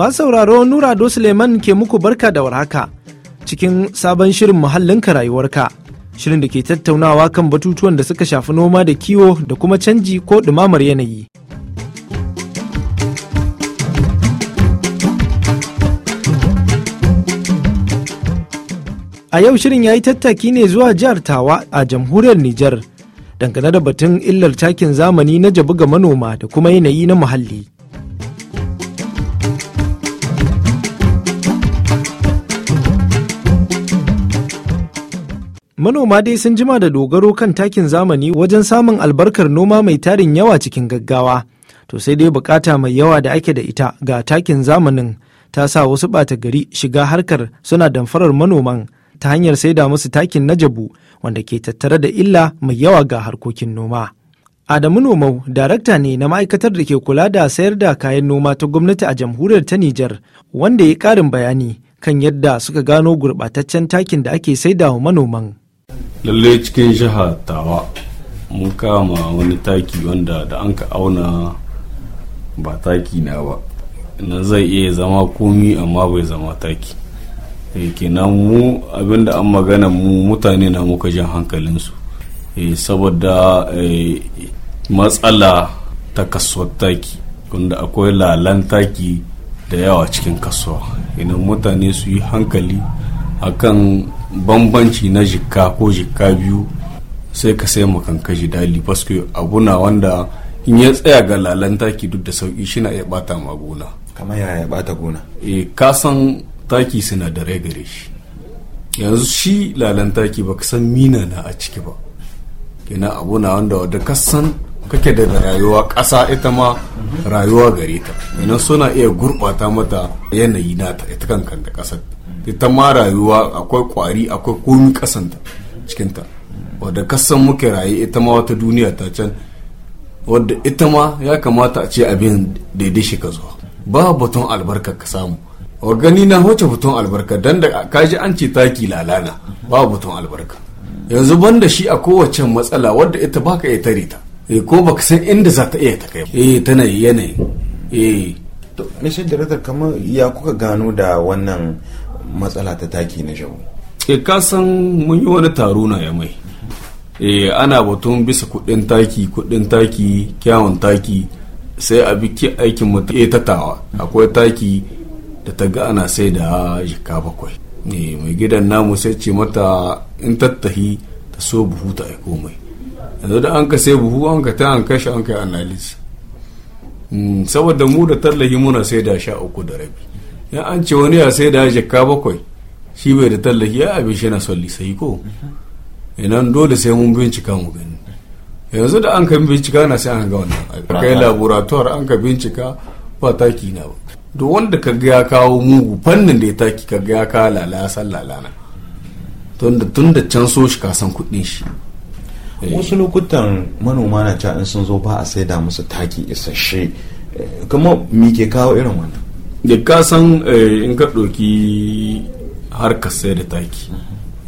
Masu sauraro Nura Do Suleiman ke muku barka da warhaka cikin sabon shirin muhallinka rayuwarka. Shirin da ke tattaunawa kan batutuwan da suka shafi noma da kiwo da kuma canji ko ɗumamar yanayi. A yau shirin ya yi tattaki ne zuwa jihar Tawa a jamhuriyar Nijar dangane da batun illar takin zamani na jabu ga manoma da kuma yanayi na muhalli. Manoma dai sun jima da dogaro kan takin zamani wajen samun albarkar noma mai tarin yawa cikin gaggawa. To sai dai bukata mai yawa da ake da ita ga takin zamanin ta sa wasu bata gari shiga harkar suna damfarar manoman ta hanyar sai da musu takin na jabu wanda ke tattare da illa mai yawa ga harkokin noma. Adamu Nomau, darakta ne na ma'aikatar da ke kula da sayar da kayan noma ta gwamnati a jamhuriyar ta Nijar, wanda ya ƙarin bayani kan yadda suka gano gurɓataccen takin da ake saidawa manoman. lallai cikin jiha tawa mun kama wani taki wanda da an ka auna ba taki na ba na zai iya zama komi amma bai zama taki eh, kenan mu abinda an magana mu mutane na muka jan hankalinsu eh, saboda eh, matsala ta kasuwar taki wanda akwai lalan taki da yawa cikin kasuwa idan mutane su yi hankali a kan bambanci na jikka ko jikka biyu sai ka sai makanka ji dali paske abuna wanda in ya tsaya ga lalanta ki duk da sauki shi na iya bata ma gona kamar ya ya bata gona e ka san taki sinadarai gare shi yanzu shi lalan taki baka san mina na a ciki ba abu abuna wanda wanda ka san kake da rayuwa ƙasa ita ma rayuwa gare ta suna iya gurɓata mata yanayi nata ita kankan da ƙasar ita ma rayuwa akwai kwari akwai komi kasanta cikinta wadda kasan muke raye ita ma wata duniya ta can wadda ita ma ya kamata a ce abin daidai shi ka zuwa ba batun albarka ka samu gani na wace batun albarka don da kaji an ce taki lalana ba batun albarka yanzu ban da shi a kowace matsala wadda ita baka iya tare ta eh, ko baka san inda za ta iya ta kai eh tana yanayi eh to Mr. Director kamar ya kuka gano da wannan matsala ta taki na shagu e eh, kasan mun yi wani taro na ya mai e ana batun bisa kudin taki kudin taki kyawun taki sai a biki aikin mutum e tatawa akwai taki da ta ga ana sai da jika bakwai e mai gidan namu sai ce mata in tattahi ta so buhu ta aiko mai yanzu da an ka sai buhu an ka ta an kashe an kai analysis hmm, saboda mu da tallahi muna sai da sha uku da rabi ya an ce wani ya sai da jakka bakwai shi bai da tallafi ya abin shi yana son lisayi ko inan dole sai mun bincika mu gani yanzu da an ka bincika na sai an ga wannan abin kai laboratoire an ka bincika ba taki na ba duk wanda ka ga ya kawo mugu fannin da ya taki ka ga ya kawo lala ya san lalana tunda tunda can so shi ka san kuɗin shi eh. wasu lokutan manoma na ca in sun zo ba a sai da musu taki isasshe eh, kuma me ke kawo irin wannan da ka san eh, in ka ɗauki harkar sai da taki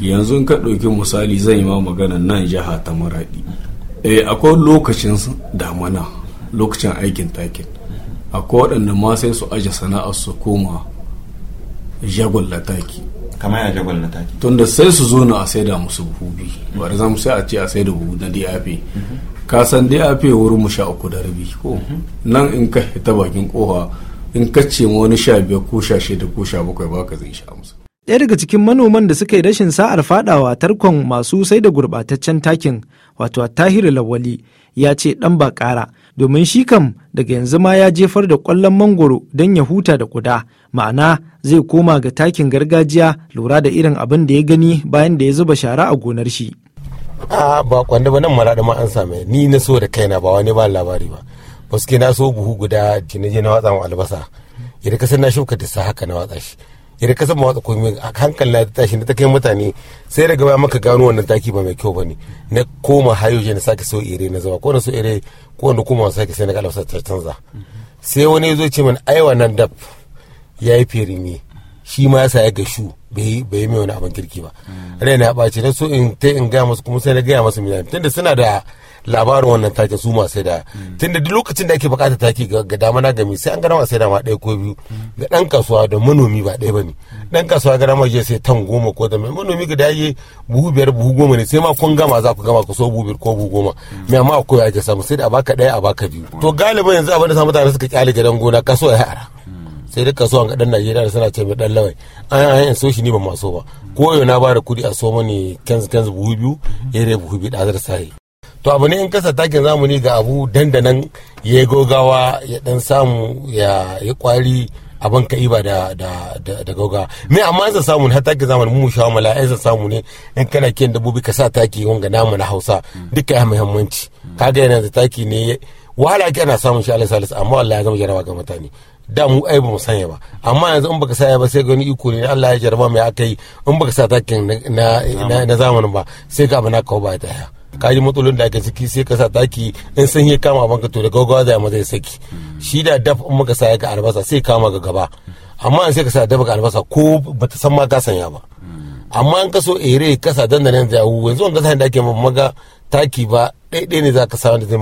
yanzu in ka ɗauki misali zan yi ma magana nan jiha ta maraɗi eh, akwai lokacin damana lokacin aikin takin akwai waɗanda ma sai su aje sana'ar su koma jagon taki. kamar yana jagon taki. tunda sai su zo na a saida musu buhu biyu ba da zamu sai a ce a saida buhu na dap mhm. ka san dap wurin mu sha uku da rabi ko mhm. nan in ka ta bakin kofa in ka ce wani sha biyar ko sha shida ko sha bakwai ba ka zai sha musu. Ɗaya daga cikin manoman da suka yi rashin sa'ar fadawa tarkon masu sai da gurɓataccen takin wato Tahiru Lawali ya ce ɗan ba ƙara domin shi kam daga yanzu ma ya jefar da ƙwallon mangoro don ya huta da kuda ma'ana zai koma ga takin gargajiya lura da irin abin da ya gani bayan da ya zuba shara a gonar shi. A ba kwanda ba nan maraɗa ma an same ni na so da kaina ba wani ba labari ba. baske na so buhu guda na je na watsa mu albasa yadda kasan na shuka sa haka na watsa shi yadda kasan mu watsa komai a hankali na tashi na ta kai mutane sai daga baya maka gano wannan taki ba mai kyau ba ne na koma hayoje na sake so ire na zama ko na so ire ko wanda kuma sake sai na ga albasa ta canza sai wani zo ce min ai wannan dab ya yi firimi shi ma yasa ya gashu bai bai mai wani abin kirki ba raina ya ɓace na so in ta in gaya masu kuma sai na gaya masu milani tunda suna da labarin wannan takin su masu da mm. tunda duk lokacin da ake bukata taki ga dama na gami sai an gana sai da ma ɗaya ko biyu ga ɗan kasuwa da manomi ba ɗaya ne mm. ɗan kasuwa gana ma je sai tan goma ko da mai manomi ga daji buhu biyar buhu goma ne sai ma kun gama za ku gama ku so buhu biyar ko buhu goma mai mm. amma ya ake samu sai da a baka ɗaya a baka biyu to galiba yanzu abin da sa mutane suka kyale gidan gona kaso ya ara sai duka so ga dan Najeriya da suna ce mai dan lawai an yi an so shi ni ban maso ba ko yau na ba da kudi a so mani kenz kenz buhu biyu rai buhu biyu da azar sai to abu ne in kasa takin zamani ga abu dandanan ya gogawa ya dan samu ya yi kwari abin ka iba da da da, goga me amma zan samu har ke zamani mu shawo mala ai samu ne in kana kiyan dabbobi ka sa taki wanga namu na Hausa duka ya muhimmanci kaga yana da taki ne wahala ke ana samun shi alai salis amma wallahi ya zama jarawa ga mutane da mu ai ba mu sanya ba amma yanzu in baka ya ba sai ga wani iko ne Allah ya jarba mai akai in baka sa takin na na zamanin ba sai ka abu na kawo ba ta kaji matsalolin da aka ciki sai ka sa taki in san ya kama banka to da gaggawa zai ma zai saki shi da daf in maka sa ka albasa sai kama ga gaba amma in sai ka sa daf ga albasa ko bata san ma ka sanya ba amma in ka so ere kasa dandanan zai hu yanzu an kasa da ake maga taki ba ɗaya ne za ka sa wanda zai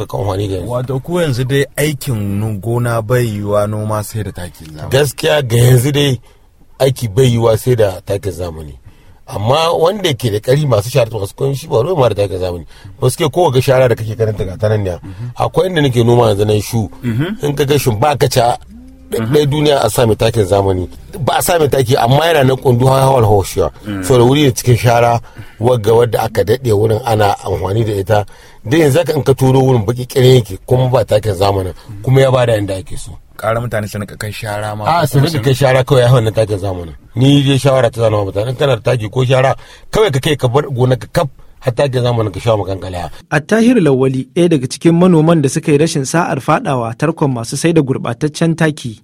ka kan wani ga wato ko yanzu dai aikin gona bai yiwa noma sai da takin zamani gaskiya ga yanzu dai aiki bai yiwa sai da takin zamani amma wanda ke da kari masu shara ta masu kunshi ba ruwa mara daga zamani ba suke ko ga shara da kake ganin ga nan ne akwai inda nake noma yanzu nan shu mhm. in ka ga shin ba ka ca ɗaya mhm. duniya a sami takin zamani ba a sami taki amma yana na kundu hawar hoshiya mm. so da wuri da cikin shara wagga wadda aka daɗe wurin ana amfani da ita da yanzu haka in ka turo wurin baki kirin yake kuma ba takin zamani kuma ya bada yanda ake so kara mutane su ka kai shara ma a su rika kai shara kawai ya na takin zamani ni dai shawara ta zama mutane kana da taki ko shara kawai ka kai ka bar gona ka kaf hatta da zamanin gashawa A Tahir Lawali ɗaya daga cikin manoman da suka yi rashin sa'ar faɗawa tarkon masu sai da gurɓataccen taki.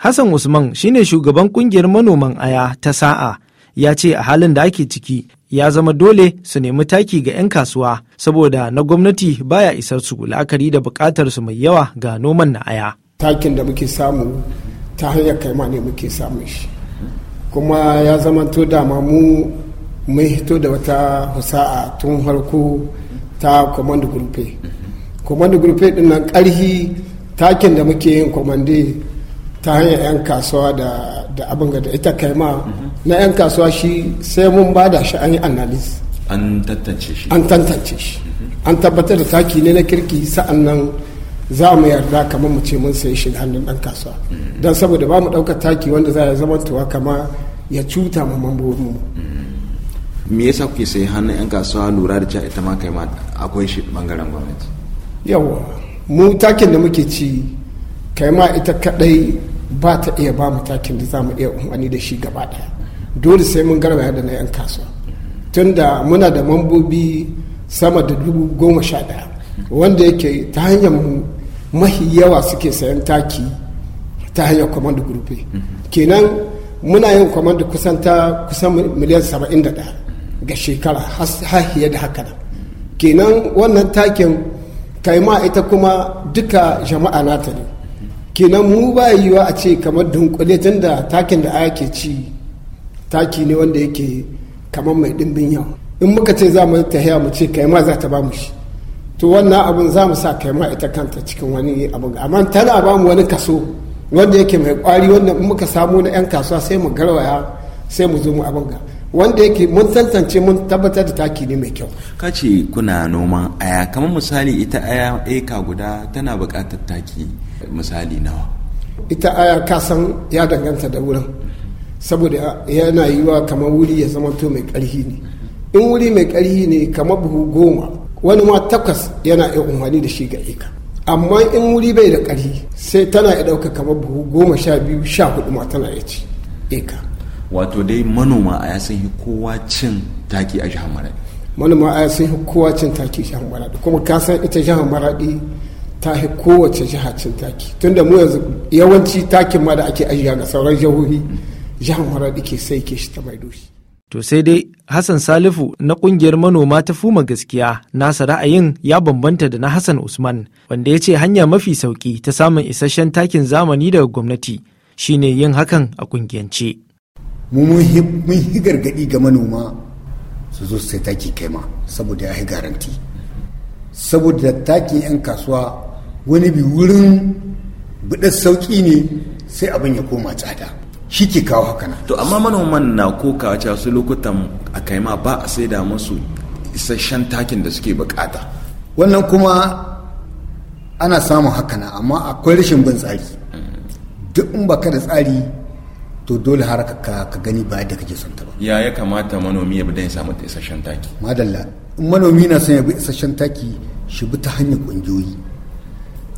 Hassan Usman shine shugaban kungiyar manoman aya ta sa'a ya ce a halin da ake ciki ya zama dole su nemi taki ga 'yan kasuwa saboda na gwamnati baya isar su la'akari da buƙatar su mai yawa ga noman na aya. Takin da muke samu ta hanyar kaima ne muke samun shi. Kuma ya zama to dama mu mai hito da wata husa'a tun harko ta command gurfe. Command gurfe din nan ƙarhi takin da muke yin commande ta hanyar 'yan kasuwa da abin da ita kaima. na 'yan kasuwa shi sai mun ba da shi an yi analis an tantance shi an tantance shi an tabbatar da taki ne na kirki sa'an nan za mu yarda kamar mu ce mun sayi shi da hannun ɗan kasuwa don saboda ba mu ɗaukar taki wanda za ya zama tuwa kama ya cuta ma mu. me yasa kuke sayi hannun 'yan kasuwa lura da cewa ita ma kai ma akwai shi bangaren gwamnati yawa mu takin da muke ci kai ma ita kadai ba ta iya ba mu takin da za mu iya umarni da shi gaba ɗaya dole sai mun garba da na 'yan kasuwa tunda muna da mambobi sama da dubu goma sha daya wanda yake ta hanyar mahi yawa suke sayan taki ta hanyar kwamandu group kenan muna yin kwamandu kusan ta kusan miliyan 71 ga shekara hahiye da haka nan kenan wannan takin kaima ita kuma duka jama'a nata ne kenan mu ba yiwa a ce kamar dunkule tun da takin da ake ci taki ne wanda yake kamar mai dimbin yau in muka ce za mu tahiya mu ce kai ma za ta ba mu shi to wannan abin za mu sa kai ma ita kanta cikin wani abu amma tana ba mu wani kaso wanda yake mai kwari wanda in muka samu na 'yan kasuwa sai mu garwaya sai mu zo mu abin ga wanda yake mun tantance mun tabbatar da taki ne mai kyau ka ce kuna noman aya kamar misali ita aya eka guda tana buƙatar taki misali nawa ita aya ka san ya danganta da wurin saboda yana yiwa kamar wuri ya zama to mai ƙarfi ne in wuri mai ƙarfi ne kamar buhu goma wani ma takwas yana iya umarni da shi ga eka amma in wuri bai da ƙarfi sai tana iya ɗauka kamar buhu goma sha biyu sha hudu ma tana iya ci eka wato dai manoma a yasan yi kowa cin taki a jihar maraɗi. manoma a yasan yi kowa cin taki jihar maraɗi kuma ka san ita jihar maraɗi ta yi kowace jiha cin taki tunda mu yanzu yawanci takin ma da ake ajiya ga sauran jihohi jihar da ke sai ke shi ta maido To sai dai Hassan Salifu na kungiyar manoma ta fuma gaskiya nasa ra'ayin ya bambanta da na Hassan Usman wanda ya ce hanya mafi sauki ta samun isasshen takin zamani daga gwamnati shine yin hakan a kungiyance. Mun yi gargaɗi ga manoma su zo sai taki kaima saboda ya yi garanti. Saboda takin 'yan kasuwa wani bi wurin buɗar sauƙi ne sai abin ya koma tsada. shi ke kawo haka nan to amma manoman na ko cewa su lokutan a kaima ba a da musu isasshen takin da suke bukata wannan kuma ana samun haka nan amma akwai rashin bin tsari duk in baka da tsari to dole har ka ka gani ba yadda kake son ta ba ya ya kamata manomi ya bi dan ya samu isasshen taki madalla in manomi na son ya bi isasshen taki shi bi ta hanyar kungiyoyi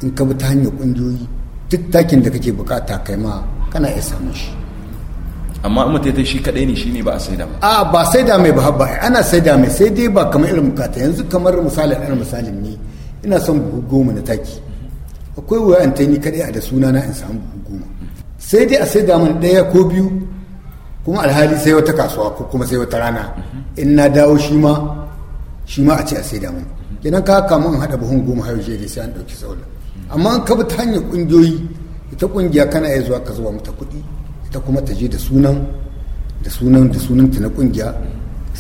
in ka bi ta hanyar kungiyoyi duk takin da kake bukata kai ma kana iya samun shi amma in mutum shi kadai ne shine ba a saida ba a ba saida mai ba ba ana saida mai sai dai ba kamar irin bukata yanzu kamar misalin ɗan misalin ne ina son buhu goma na taki akwai wuya an ta ni kadai a da suna na in samu buhu goma sai dai a saida min ɗaya ko biyu kuma alhali sai wata kasuwa ko kuma sai wata rana in na dawo shi ma shi ma a ce a saida min kenan ka kama in haɗa buhun goma har yaushe sai an ɗauki saula amma in ka bi ta hanyar ƙungiyoyi ita ƙungiya kana iya zuwa ka zuba mata kuɗi ta kuma ta je da sunan da sunan da sunanta na kungiya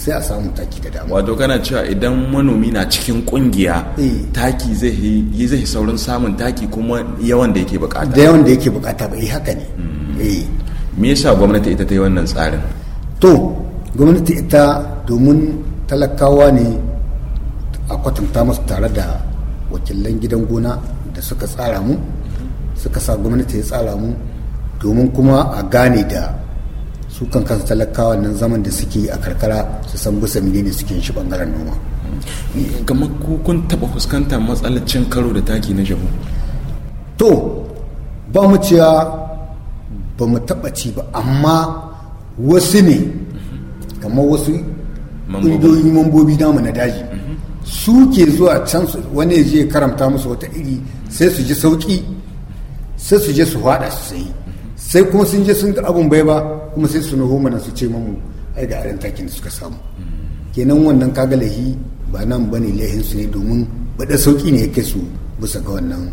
sai a samu taki da dama wato kana cewa idan manomi na cikin kungiya eh. taki zai yi zai saurin samun taki kuma yawan da yake bukata da yawan da yake bukata ba eh, haka ne hmm. eh me yasa gwamnati ita ta yi wannan tsarin to gwamnati ita domin talakawa ne a kwatanta masu tare da wakilan gidan gona da suka tsara mu suka sa gwamnati ya tsara mu domin kuma a gane da su kan kansu talakawa nan zaman da suke a karkara su san bisa menene suke shi bangaren noma mm. kamar kun taba fuskanta matsalar cin karo da taki na jabu to ba mu ciya ba mu taba ci ba amma wasu ne kamar wasu ƙungiyoyin mambobi namu na daji mm-hmm. su ke zuwa can wani ya je karamta musu wata iri sai su ji sauki sai su je su hada su sayi sai kuma sun je sun ga abun bai ba kuma sai su nuhu mana su ce mamu ai ga aran takin da suka samu kenan wannan kaga lahi ba nan bane lahin su ne domin bada sauki ne yake su bisa ga wannan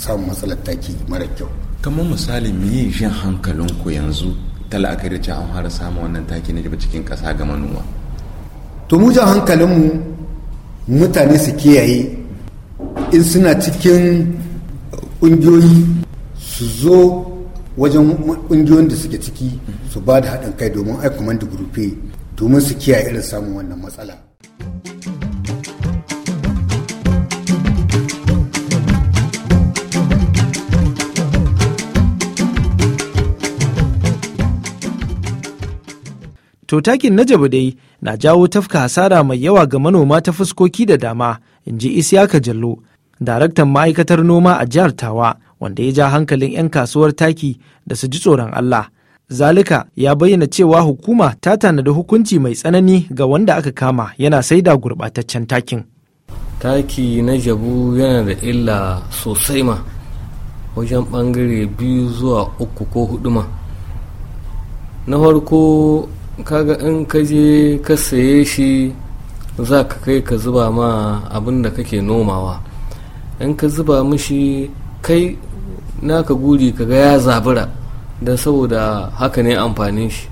samun matsalar taki mara kyau kamar misali me yin jin hankalin ku yanzu talaka da cewa an fara samu wannan taki na jiba cikin kasa ga manoma to mu jan hankalinmu mutane su kiyaye in suna cikin ƙungiyoyi su zo wajen ƙungiyoyin da suke ciki su ba da haɗin kai domin ai command group domin su kiyaye irin samun wannan matsala To takin na jabu dai na jawo tafka hasara mai yawa ga manoma ta fuskoki da dama, in ji Isiyaka Jallo, daraktan ma'aikatar noma a jihar Tawa, wanda ya ja hankalin 'yan kasuwar taki da su ji tsoron Allah. Zalika ya bayyana cewa hukuma ta tanadi hukunci mai tsanani ga wanda aka kama yana saida gurɓataccen takin. Taki na jabu yana da illa sosai ma wajen ɓangare biyu zuwa uku ko hudu ma. Na farko kaga in ka je ka saye shi za ka kai ka zuba ma abin da kake nomawa in ka zuba mishi kai naka guri kaga ya zabura da saboda haka ne amfanin shi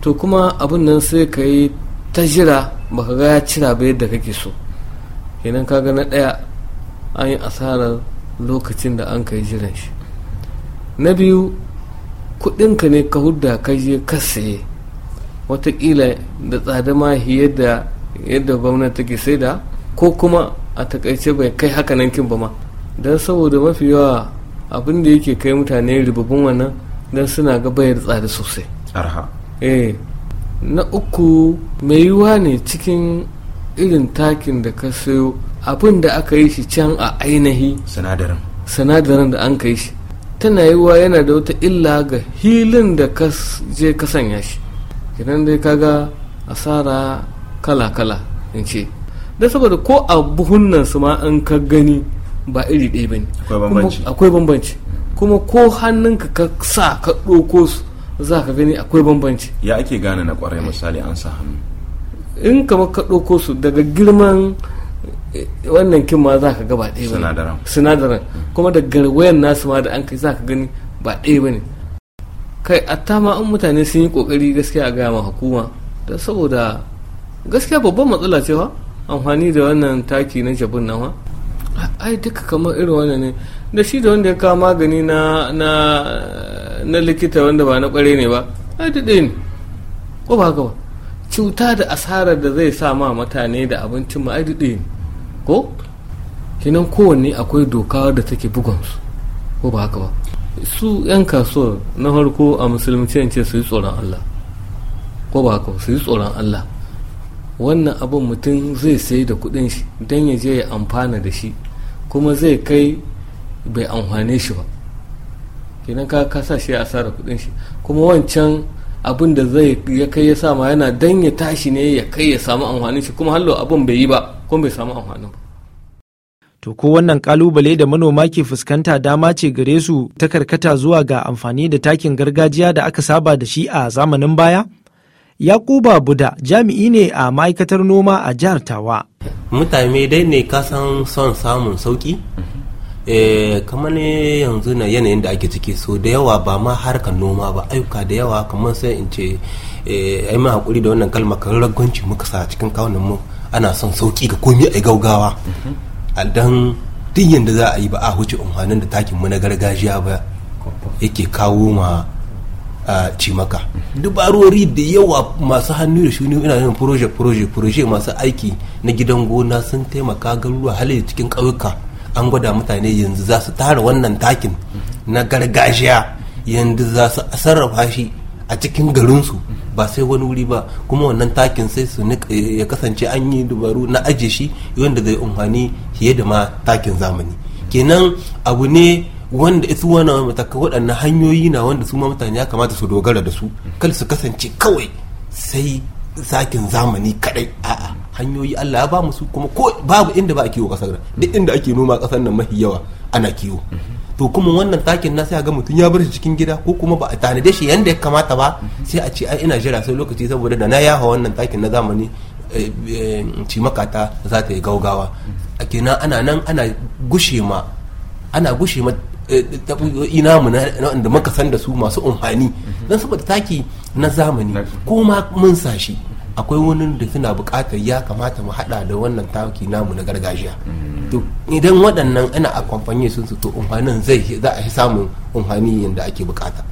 to kuma abin nan sai ka yi ta jira ba ka ga ya cira ba yadda kake so kenan kaga na ɗaya an yi asarar lokacin da an kai jiran shi na biyu kuɗinka ne ka hudda ka je ka saye watakila da tsada ma yadda yadda gwamnati take sai da ko kuma a takaice bai kai haka nan kin ba ma don saboda mafi yawa abin da yake kai mutane ribabin wannan don suna ga bayar tsada sosai eh na uku mai yiwuwa ne cikin irin takin da ka sayo abin da aka yi shi can a ainihi sinadarin sinadarin da an kai shi tana yiwuwa yana da wata illa ga hilin da ka je ka sanya shi idan dai kaga asara kala-kala in ce da saboda ko a buhunan su ma an ka gani ba iri ɗaya ba ne akwai bambanci kuma ko hannunka ka sa ka ɗauko su za ka gani akwai bambanci ya ake gane na ƙwarai misali an sa hannu in kamar ka ɗauko su daga girman eh, wannan kin ma za ka ga ba ɗaya ba sinadaran kuma da garwayan nasu ma da an kai za ka gani ba ɗaya ba ne kai ta ma an mutane sun yi ƙoƙari gaskiya a gaya ma hukuma da saboda gaskiya babban matsala cewa amfani da wannan taki na jabin nan ai duka kamar irin wannan ne da shi da wanda ya kawo magani na na na likita wanda ba na kware ne ba ai daɗe ne ko ba gaba cuta da asarar da zai sa ma mutane da abincin ma ai daɗe ne ko kinan kowanne akwai doka da take su ko ba haka ba su 'yan kasuwar na farko a musulunci yance su yi tsoron allah ko ba haka su yi tsoron allah wannan abin mutum zai sayi da kudin shi don ya je ya amfana da shi kuma zai kai bai amfane shi ba kenan ka kasa shi asara kudin shi kuma wancan abin da zai ya kai ya sama yana dan ya tashi ne ya kai ya samu amfanin shi kuma hallo abin bai yi ba ko bai samu amfanin ba to ko wannan kalubale da manoma ke fuskanta dama ce gare su ta karkata zuwa ga amfani da takin gargajiya da aka saba da shi a zamanin baya Yakuba Buda jami'i ne a ma'aikatar noma a jihar Tawa. Mutane dai ne kasan son samun sauki? Eh, kamar ne yanzu na yanayin da ake ciki so da yawa ba ma harkar noma ba ayyuka da yawa kamar sai in ce eh, ai ma hakuri da wannan kalma kan ragwanci muka sa cikin kawunan mu ana son sauki ga komi ai gaugawa a dan duk yanda za a yi ba a huce umhanin da takin mu na gargajiya ba yake kawo ma a cimaka dubarori da yawa masu hannu da shuni ina yin proje proje proje masu aiki na gidan gona sun taimaka garuruwa hali cikin ƙauyuka an gwada mutane yanzu za su tara wannan takin na gargajiya yanzu za su sarrafa shi a cikin garinsu ba sai wani wuri ba kuma wannan takin sai su ya kasance an yi dubaru na aje shi wanda zai amfani fiye da ma takin zamani kenan abu ne wanda su wani mataka waɗannan hanyoyi na wanda su ma mutane ya kamata su dogara da su kar su kasance kawai sai sakin zamani kadai a'a hanyoyi Allah ya ba mu su kuma ko babu inda ba a kiwo kasar duk inda ake noma kasar nan mafi yawa ana kiwo to kuma wannan takin na sai ga mutum ya bar shi cikin gida ko kuma ba a tanade shi yanda ya kamata ba sai a ce ai ina jira sai lokaci saboda da na yawa wannan takin na zamani eh, eh, cimakata za ta yi gaugawa a kenan ana nan ana gushe ma ana gushe ma ina mu na wanda muka san da su masu umfani don saboda taki na zamani ko ma mun sashi akwai wani da suna buƙatar ya kamata mu haɗa da wannan taki namu na gargajiya to idan waɗannan ana akwamfanye sun su to umfanin zai za a samun umfani yadda ake buƙata.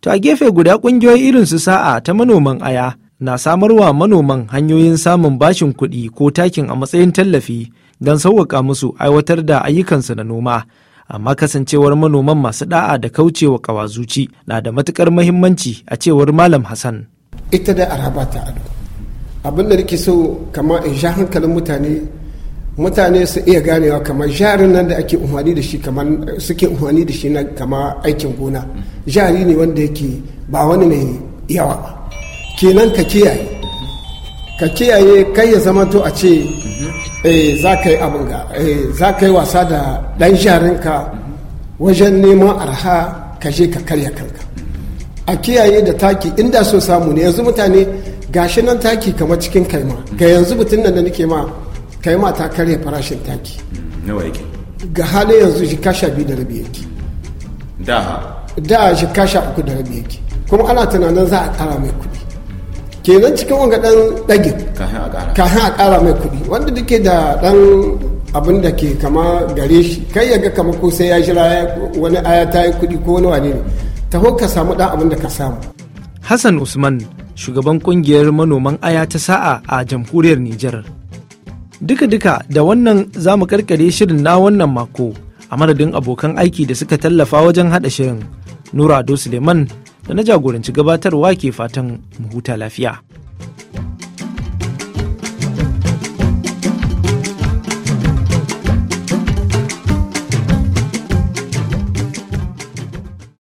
to a gefe guda ƙungiyoyi irin su sa'a ta manoman aya na samarwa manoman hanyoyin samun bashin kuɗi ko takin a matsayin tallafi don sauwaƙa musu aiwatar da ayyukansu na noma amma kasancewar manoman masu da'a da kaucewa kawazuci na da matukar mahimmanci a cewar malam hassan ita da araba ta ado abin da nake so kama in sha hankalin mutane mutane su iya ganewa kamar jarin nan da ake umarni da shi kamar suke umarni da shi na kama aikin gona jari ne wanda yake ba wani mai yawa kenan ka kiyaye ka kiyaye kai ya zama to a ce mhm. eh, za ka yi abin ga eh, za ka yi wasa da ɗan jarinka wajen neman arha ka je ka karya kanka a kiyaye da taki inda so samu ne yanzu mutane gashi nan taki kamar cikin kaima ga yanzu mutum nan da nake ma kaima ta karya farashin taki hmm, ga halin yanzu shi kasha biyu da rabi yake da shi kasha uku da rabi yake kuma ana tunanin za a kara mai kuɗi kenan cikin wanga dan dage kafin a kara mai kuɗi wanda duke da dan abin da ke kama gare shi kai ya ga kama ko sai ya jira wani aya ta yi kuɗi ko wani wane ne taho ka samu dan abin da ka samu hassan usman shugaban kungiyar manoman aya ta sa'a a jamhuriyar nijar duka-duka da wannan za mu karkare shirin na wannan mako a madadin abokan aiki da suka tallafa wajen haɗa shirin nura ado suleiman da na jagoranci gabatarwa ke fatan mu huta lafiya.